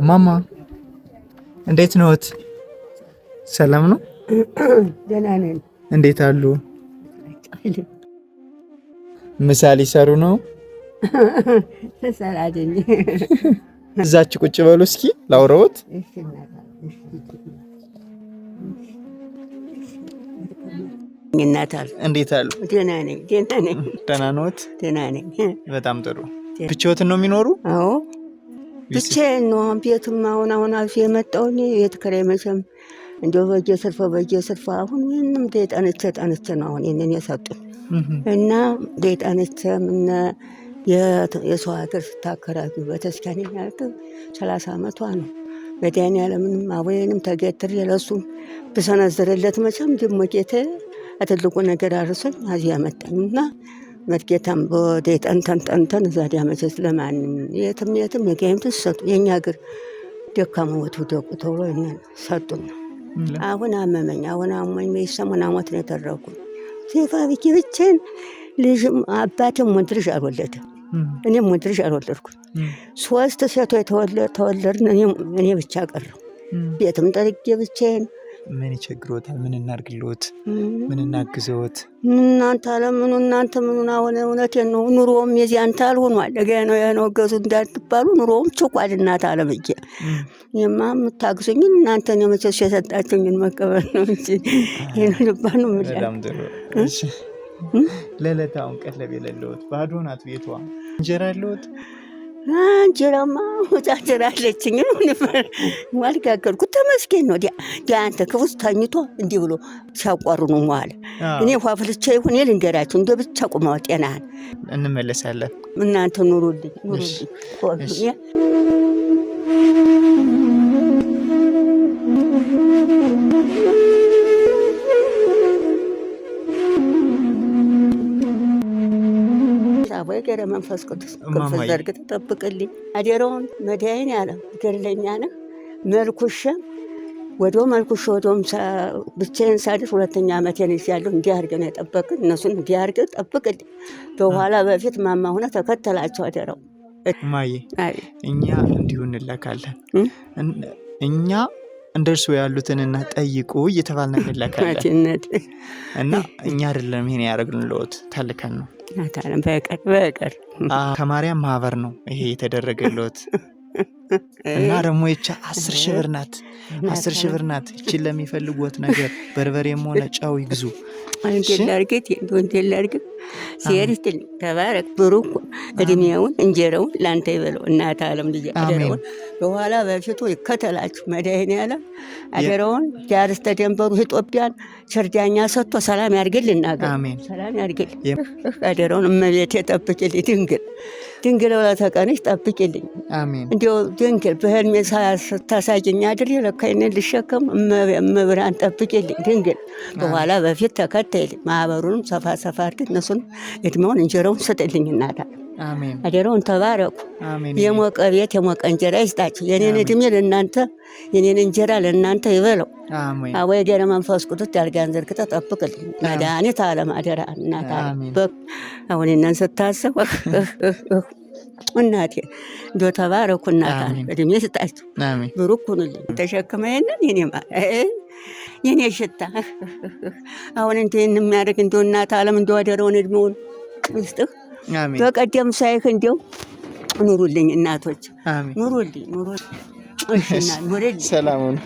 እማማ እንዴት ነዎት? ሰላም ነው? ደህና ነን። እንዴት አሉ? ምሳ ሊሰሩ ነው? ሰላደኝ እዛች ቁጭ በሉ እስኪ ላውራዎት። እንዴት አሉ? ደህና ነኝ። ደህና ነዎት? ደህና ነኝ። በጣም ጥሩ። ብቻዎትን ነው የሚኖሩ? አዎ ብቻዬን ነው ቤትም አሁን አሁን አልፌ የመጣው እኔ ቤት ኪራይ መቼም እንዲያው በጀ ስርፈ በእጄ ስርፈ አሁን ይህንም ደጠነቸ ጠነቸ ነው አሁን ይህንን የሰጡኝ እና ደጠነቸ ምነ የሰው ሀገር ስታከራዩ ቤተክርስቲያን ያልክ ሰላሳ ዓመቷ ነው። ያለምንም አቡዬንም ተገትር የለሱ ብሰነዝርለት መቼም ድሞ ጌታዬ ትልቁ ነገር አርሶኝ አዚህ ያመጣኝ እና መድጌታም ቦዴ ጠንተን ጠንተን እዛ መቼስ ለማንም የትም የትም የጋይም ትሰጡ የእኛ እግር ደካማ ወቱ ደቁ ተብሎ ሰጡ ነው። አሁን አመመኝ። አሁን አሞኝ ሰሞን አሞት ነው የተረኩ ሴፋ ብኪ ብቻዬን ልጅም አባቴም ወንድ ልጅ አልወለደ እኔም ወንድ ልጅ አልወለድኩ። ሶስት ሴቶ ተወለድን እኔ ብቻ ቀረሁ። ቤትም ጠርጌ ብቼን ምን ይቸግሮታል? ምን እናድርግሎት? ምን እናግዘዎት? እናንተ አለምኑ እናንተ ምኑን። ሆነ? እውነት ነው። ኑሮውም የዚህ አንተ አልሆኗል ገ ነው የነገዙ እንዳትባሉ ኑሮውም ችኳል። እናት አለምዬ የማ የምታግዙኝ እናንተን የመቸሱ የሰጣችሁኝን መቀበል ነው እንጂ ይንልባ ነው ለለታውን ቀለብ የሌለዎት ባዶ ናት ቤቷ። እንጀራ ያለዎት እንጀራማ ወጫ እንጀራ አለችኝ አልጋገርኩት እስኪን ነው ዲያንተ ክፉስ ተኝቶ እንዲህ ብሎ ሲያቋሩ ነው መዋል እኔ ውሃ ይሁን ይል እንደ ብቻ ቁመው ጤናህን እንመለሳለን። እናንተ ኑሩልኝ ኑሩልኝ። ወይ ገረ መንፈስ ቅዱስ ክንፍ ዘርግ ጠብቅልኝ። አደራውን መድኃኒዓለም ገድለኛነህ መልኩሸም ወዶ መልኩ ወዶም ብቻዬን ሳድር ሁለተኛ ዓመቴን ይዣለሁ። እንዲህ ነው የጠበቅን እነሱን እንዲህ ጠብቅ። በኋላ በፊት ማማ ሁነ ተከተላቸው አደረው ማዬ እኛ እንዲሁ እንለካለን። እኛ እንደ እርሱ እና ጠይቁ እየተባልን እንለካለን። እና እኛ አይደለም ይሄን ያደረግን ለት ታልከን ነው በቀር በቀር ከማርያም ማህበር ነው ይሄ የተደረገ ለት እና ደግሞ የቻ አስር ሺህ ብር ናት። አስር ሺህ ብር ናት። ይችን ለሚፈልጉት ነገር በርበሬም ሆነ ጨው ይግዙ። ወንጌል ላርጌት ተባረክ ብሩክ እድሜውን እንጀራውን ለአንተ ይበለው። እናት አለም ልጅ አደረውን በኋላ በፊቱ ይከተላችሁ። መድኃኔዓለም አደረውን የአርስተ ደንበሩ ኢትዮጵያን ችርዳኛ ሰጥቶ ሰላም ያድርግልን፣ አገር ሰላም ያድርግልን። አደረውን እመቤቴ ጠብቂልኝ፣ ድንግል ድንግል ወለተ ቀንሽ ጠብቂልኝ። እንዲያው ድንግል በህልሜ ታሳየኝ አድሬ ለካ ልሸከም እመብርሃን ጠብቂልኝ፣ ድንግል በኋላ በፊት ተከ አትሄድ፣ ማህበሩንም ሰፋ ሰፋ አድርግ፣ እነሱን እድሜውን እንጀራውን ስጥልኝ እናት አደረውን አደራውን ተባረኩ። የሞቀ ቤት የሞቀ እንጀራ ይስጣቸው። የኔን እድሜ ለእናንተ የኔን እንጀራ ለእናንተ ይበለው። ወይ ገነ መንፈስ ቅዱስ ዳልጋን ዘርግተ ጠብቅል መድኃኒት አለም አደራ እናት አሁን ነን ስታስብ እናቴ እንዶ ተባረኩ እናታ እድሜ ስጣቸው ብሩክ ሁኑልኝ። ተሸክመ የለን የኔማ የኔ ሽታ አሁን እንት የሚያደርግ እንዲ እናት አለም እንዲ አደረውን እድሜውን ውስጥህ በቀደም ሳይህ እንዲው ኑሩልኝ እናቶች ኑሩልኝ ኑሩልኝ ሰላሙን